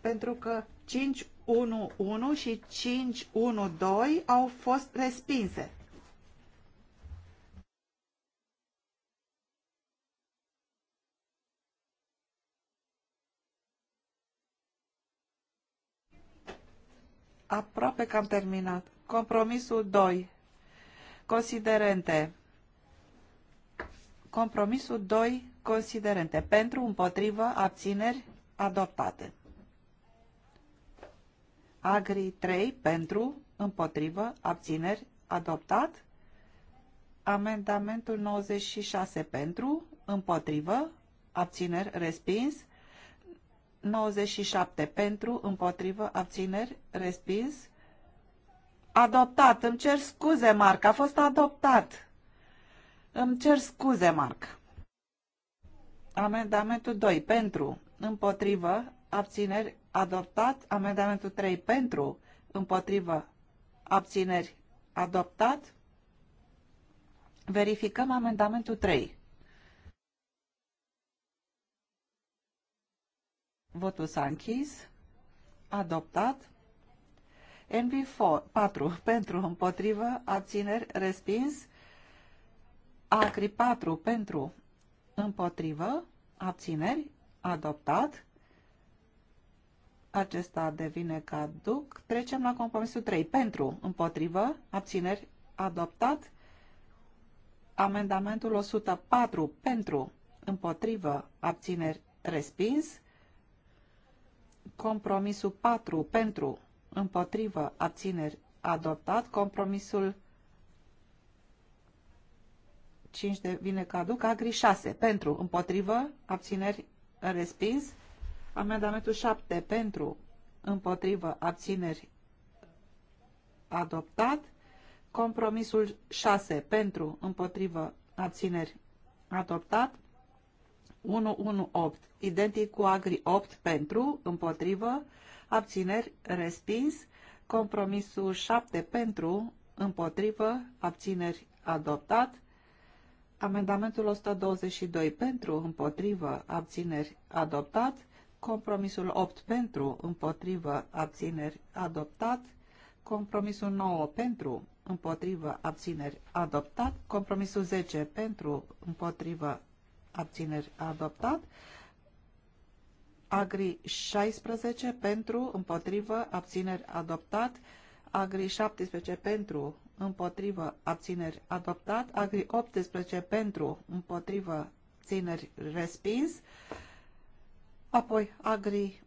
pentru că 5 511 și 512 au fost respinse. Aproape că am terminat. Compromisul 2. Considerente. Compromisul 2. Considerente. Pentru, împotrivă, abțineri, adoptate. Agri 3 pentru, împotrivă, abțineri, adoptat. Amendamentul 96 pentru, împotrivă, abțineri, respins. 97 pentru, împotrivă, abțineri, respins. Adoptat, îmi cer scuze, Marc, a fost adoptat. Îmi cer scuze, Marc. Amendamentul 2 pentru, împotrivă, abțineri, adoptat. Amendamentul 3 pentru, împotrivă, abțineri, adoptat. Verificăm amendamentul 3. Votul s-a închis. Adoptat. NV4, 4 pentru, împotrivă, abțineri, respins. ACRI 4 pentru, împotrivă, abțineri, adoptat acesta devine caduc. Trecem la compromisul 3. Pentru, împotrivă, abțineri, adoptat. Amendamentul 104, pentru, împotrivă, abțineri, respins. Compromisul 4, pentru, împotrivă, abțineri, adoptat. Compromisul 5 devine caduc. Agri 6, pentru, împotrivă, abțineri, respins. Amendamentul 7 pentru, împotrivă, abțineri, adoptat. Compromisul 6 pentru, împotrivă, abțineri, adoptat. 118, identic cu Agri 8 pentru, împotrivă, abțineri, respins. Compromisul 7 pentru, împotrivă, abțineri, adoptat. Amendamentul 122 pentru, împotrivă, abțineri, adoptat. Compromisul 8 pentru, împotrivă, abțineri, adoptat. Compromisul 9 pentru, împotrivă, abțineri, adoptat. Compromisul 10 pentru, împotrivă, abțineri, adoptat. Agri 16 pentru, împotrivă, abțineri, adoptat. Agri 17 pentru, împotrivă, abțineri, adoptat. Agri 18 pentru, împotrivă, abțineri, respins. Apoi, Agri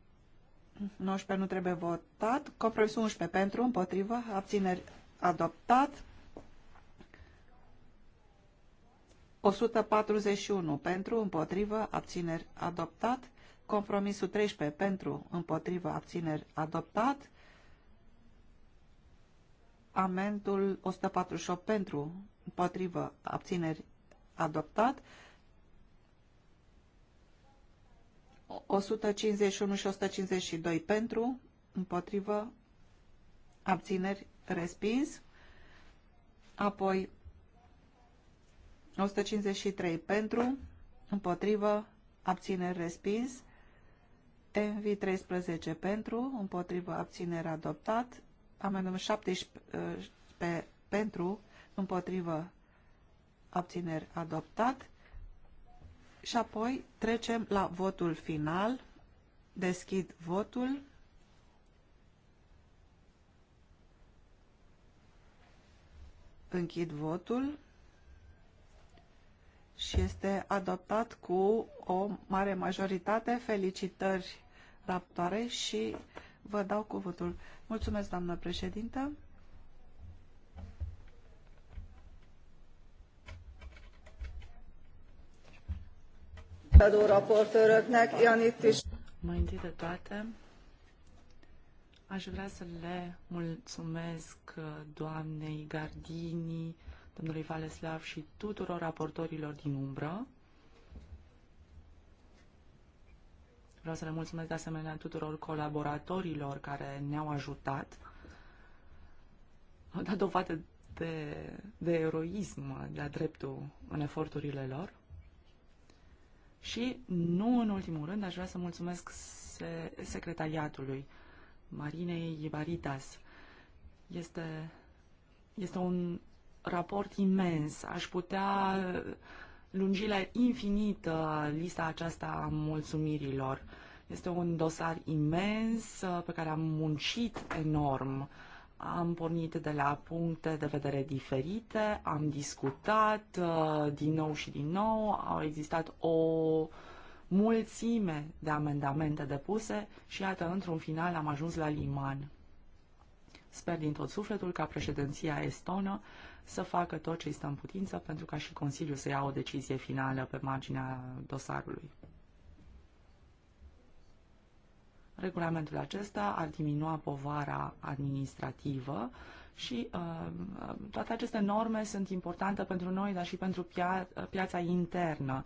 19 nu trebuie votat. Compromisul 11 pentru, împotrivă, abțineri adoptat. 141 pentru, împotrivă, abțineri adoptat. Compromisul 13 pentru, împotrivă, abțineri adoptat. Amendul 148 pentru, împotrivă, abțineri adoptat. 151 și 152 pentru, împotrivă, abțineri, respins. Apoi 153 pentru, împotrivă, abțineri, respins. NV 13 pentru, împotrivă, abțineri adoptat. Amendament 17 pentru, împotrivă, abțineri, adoptat. Și apoi trecem la votul final. Deschid votul. Închid votul și este adoptat cu o mare majoritate. Felicitări, raptoare, și vă dau cuvântul. Mulțumesc, doamnă președintă. is. Mai întâi de toate, aș vrea să le mulțumesc doamnei Gardini, domnului Valeslav și tuturor raportorilor din umbră. Vreau să le mulțumesc de asemenea tuturor colaboratorilor care ne-au ajutat. Au dat dovadă de, de eroism de-a dreptul în eforturile lor. Și, nu în ultimul rând, aș vrea să mulțumesc se secretariatului Marinei Ibaritas. Este, este un raport imens. Aș putea lungi la infinit lista aceasta a mulțumirilor. Este un dosar imens pe care am muncit enorm am pornit de la puncte de vedere diferite, am discutat uh, din nou și din nou, au existat o mulțime de amendamente depuse și iată, într-un final am ajuns la liman. Sper din tot sufletul ca președinția estonă să facă tot ce este în putință pentru ca și Consiliul să ia o decizie finală pe marginea dosarului. Regulamentul acesta ar diminua povara administrativă și uh, toate aceste norme sunt importante pentru noi, dar și pentru pia- piața internă.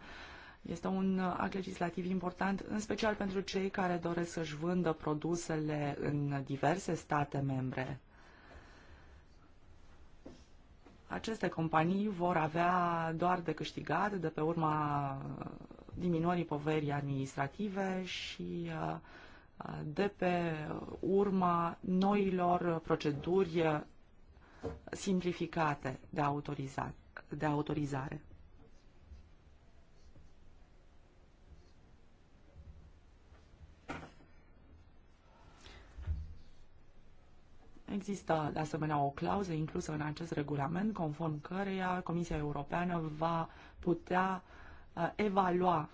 Este un act legislativ important, în special pentru cei care doresc să-și vândă produsele în diverse state membre. Aceste companii vor avea doar de câștigat de pe urma diminuării poverii administrative și uh, de pe urma noilor proceduri simplificate de, autoriza- de autorizare. Există, de asemenea, o clauză inclusă în acest regulament, conform căreia Comisia Europeană va putea uh, evalua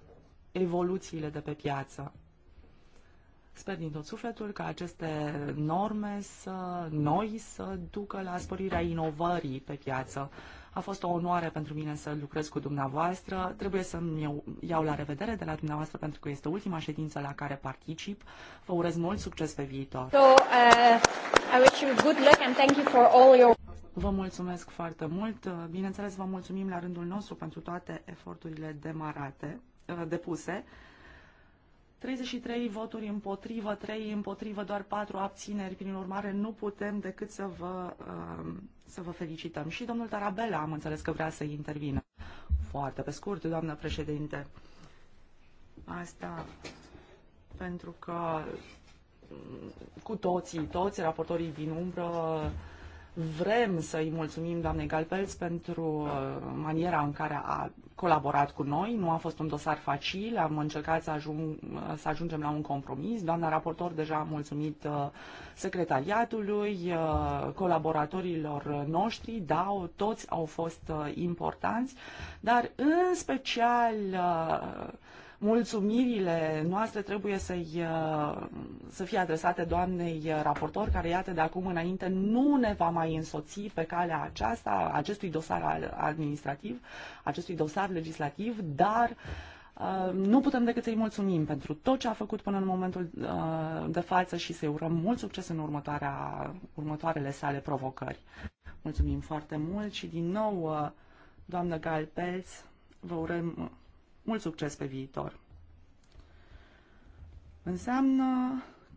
evoluțiile de pe piață. Sper din tot sufletul că aceste norme să, noi să ducă la sporirea inovării pe piață. A fost o onoare pentru mine să lucrez cu dumneavoastră. Trebuie să-mi iau la revedere de la dumneavoastră pentru că este ultima ședință la care particip. Vă urez mult succes pe viitor. So, uh, I wish you good luck and thank you for all your... Vă mulțumesc foarte mult. Bineînțeles, vă mulțumim la rândul nostru pentru toate eforturile demarate, uh, depuse. 33 voturi împotrivă, 3 împotrivă, doar 4 abțineri. Prin urmare, nu putem decât să vă, um, să vă felicităm. Și domnul Tarabela am înțeles că vrea să intervină. Foarte pe scurt, doamnă președinte. Asta pentru că mm, cu toții, toți raportorii din umbră Vrem să-i mulțumim doamnei Galpelț pentru uh, maniera în care a colaborat cu noi. Nu a fost un dosar facil, am încercat să, ajung, uh, să ajungem la un compromis. Doamna raportor deja a mulțumit uh, secretariatului, colaboratorilor noștri, da, toți au fost importanți, dar în special Mulțumirile noastre trebuie să, uh, să fie adresate doamnei uh, raportor, care iată de acum înainte nu ne va mai însoți pe calea aceasta, acestui dosar administrativ, acestui dosar legislativ, dar uh, nu putem decât să-i mulțumim pentru tot ce a făcut până în momentul de față și să-i urăm mult succes în următoarea, următoarele sale provocări. Mulțumim foarte mult și din nou, doamnă Galpelț, vă urăm mult succes pe viitor. Înseamnă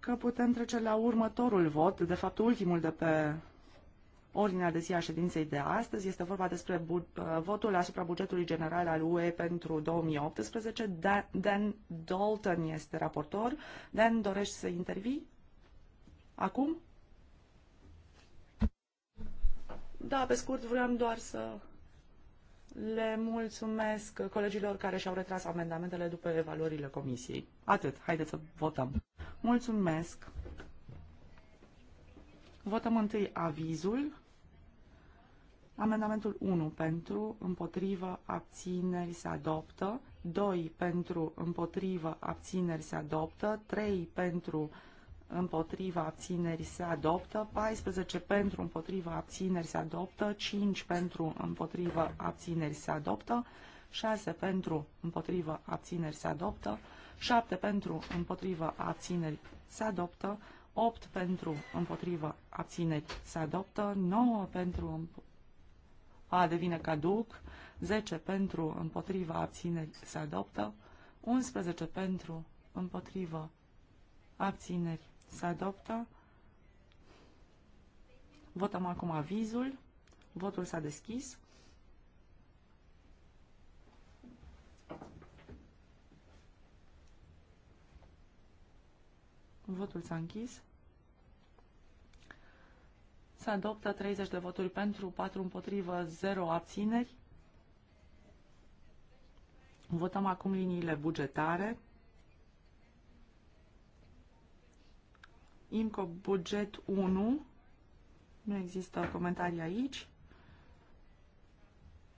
că putem trece la următorul vot, de fapt ultimul de pe ordinea de zi a ședinței de astăzi. Este vorba despre uh, votul asupra bugetului general al UE pentru 2018. Dan, Dan Dalton este raportor. Dan, dorești să intervii? Acum? Da, pe scurt, vreau doar să le mulțumesc colegilor care și-au retras amendamentele după evaluările comisiei. Atât. Haideți să votăm. Mulțumesc. Votăm întâi avizul. Amendamentul 1 pentru, împotrivă, abțineri se adoptă. 2 pentru, împotrivă, abțineri se adoptă. 3 pentru, împotriva abțineri se adoptă, 14 pentru împotriva abțineri se adoptă, 5 pentru împotriva abțineri se adoptă, 6 pentru împotriva abțineri se adoptă, 7 pentru împotriva abțineri se adoptă, 8 pentru împotriva abțineri se adoptă, 9 pentru a devine caduc, 10 pentru împotriva abțineri se adoptă, 11 pentru împotriva abțineri se adoptă. Votăm acum avizul. Votul s-a deschis. Votul s-a închis. Se adoptă 30 de voturi pentru, 4 împotrivă, 0 abțineri. Votăm acum liniile bugetare. IMCO buget 1. Nu există comentarii aici.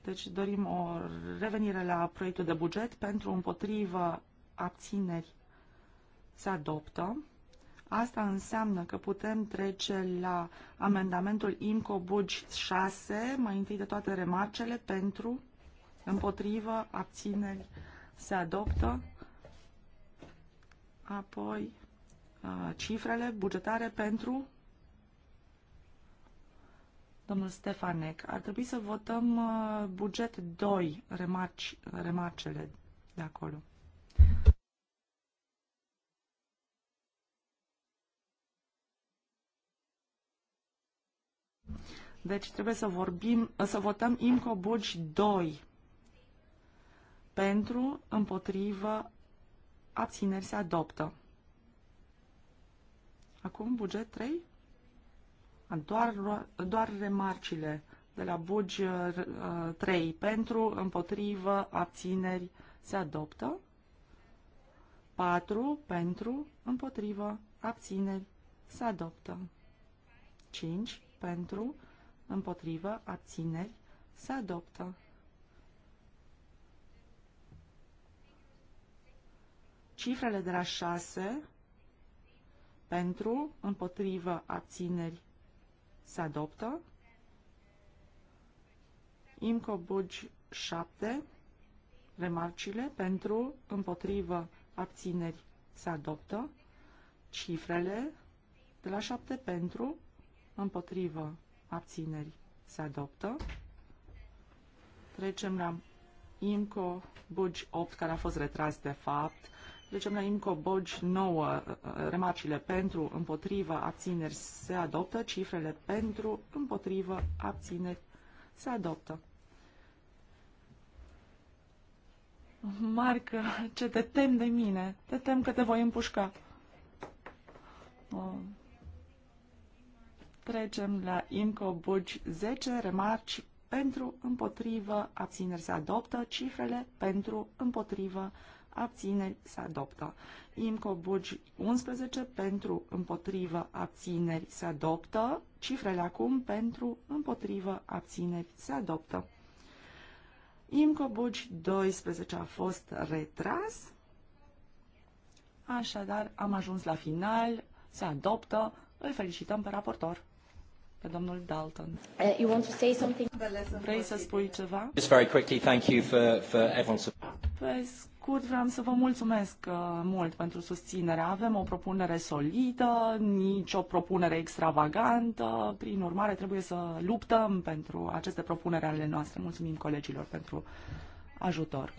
Deci dorim o revenire la proiectul de buget pentru împotrivă abțineri se adoptă. Asta înseamnă că putem trece la amendamentul IMCO Bugi 6, mai întâi de toate remarcele, pentru, împotrivă, abțineri se adoptă. Apoi Uh, cifrele bugetare pentru domnul Stefanec. Ar trebui să votăm uh, buget 2, remarci, remarcele de acolo. Deci trebuie să vorbim, uh, să votăm IMCO Bugi 2 pentru, împotrivă, abțineri se adoptă. Acum buget 3? Doar, doar remarcile de la bugi 3 uh, uh, pentru, împotrivă, abțineri se adoptă. 4 pentru, împotrivă, abțineri se adoptă. 5 pentru, împotrivă, abțineri se adoptă. cifrele de la 6 pentru, împotrivă, abțineri, se adoptă. IMCO Bugi 7, remarcile, pentru, împotrivă, abțineri, se adoptă. Cifrele de la 7 pentru, împotrivă, abțineri, se adoptă. Trecem la IMCO Bugi 8, care a fost retras de fapt, Trecem deci, la INCO Bogi 9. Uh, uh, remarcile pentru, împotriva, abțineri se adoptă. Cifrele pentru, împotriva, abțineri se adoptă. Marcă, ce te tem de mine. Te tem că te voi împușca. Um, trecem la IMCO Bugi 10, remarci pentru, împotrivă, abțineri se adoptă, cifrele pentru, împotrivă, abțineri se adoptă. IMCO Bugi 11 pentru împotrivă abțineri se adoptă. Cifrele acum pentru împotrivă abțineri se adoptă. IMCO Bugi 12 a fost retras. Așadar, am ajuns la final, se adoptă, îl felicităm pe raportor, pe domnul Dalton. Uh, you want to say something? Vrei să spui ceva? Just very quickly, thank you for, for everyone's... Pe scurt, vreau să vă mulțumesc uh, mult pentru susținere. Avem o propunere solidă, nicio propunere extravagantă. Prin urmare, trebuie să luptăm pentru aceste propuneri ale noastre. Mulțumim colegilor pentru ajutor.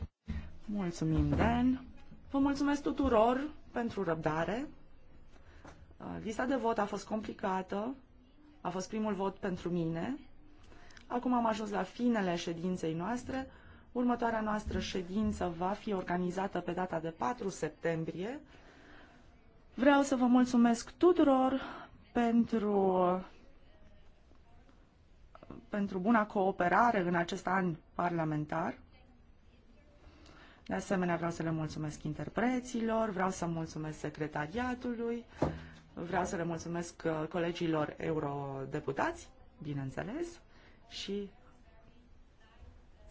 Mulțumim, Dan. Vă mulțumesc tuturor pentru răbdare. Uh, lista de vot a fost complicată. A fost primul vot pentru mine. Acum am ajuns la finele ședinței noastre. Următoarea noastră ședință va fi organizată pe data de 4 septembrie. Vreau să vă mulțumesc tuturor pentru, pentru buna cooperare în acest an parlamentar. De asemenea, vreau să le mulțumesc interpreților, vreau să mulțumesc secretariatului, vreau să le mulțumesc uh, colegilor eurodeputați, bineînțeles, și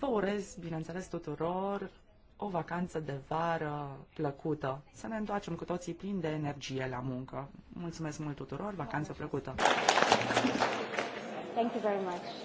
Vă urez, bineînțeles, tuturor o vacanță de vară plăcută. Să ne întoarcem cu toții plini de energie la muncă. Mulțumesc mult tuturor, vacanță plăcută! Thank you very much.